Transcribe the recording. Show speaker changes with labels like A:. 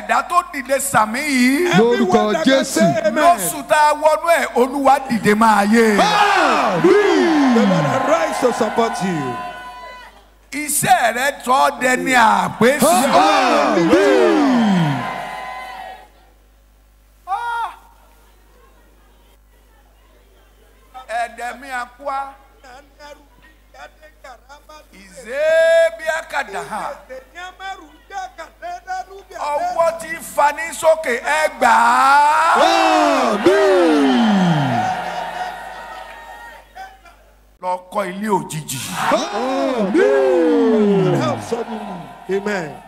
A: ẹ̀dá tó dìde sàmì yìí. lórúkọ jésù. lóṣù tá a wọnú ẹ̀ olúwa dìde máa yé. they will rise to support you.
B: iṣẹ́ rẹ̀ tọ́ dẹni àpèsè.
C: ẹdẹmi akwa
D: tí ń fani sókè ẹ gbà á. àmín. lọ kọ́ ilé òjijì. àmín.
E: help suddenly amen.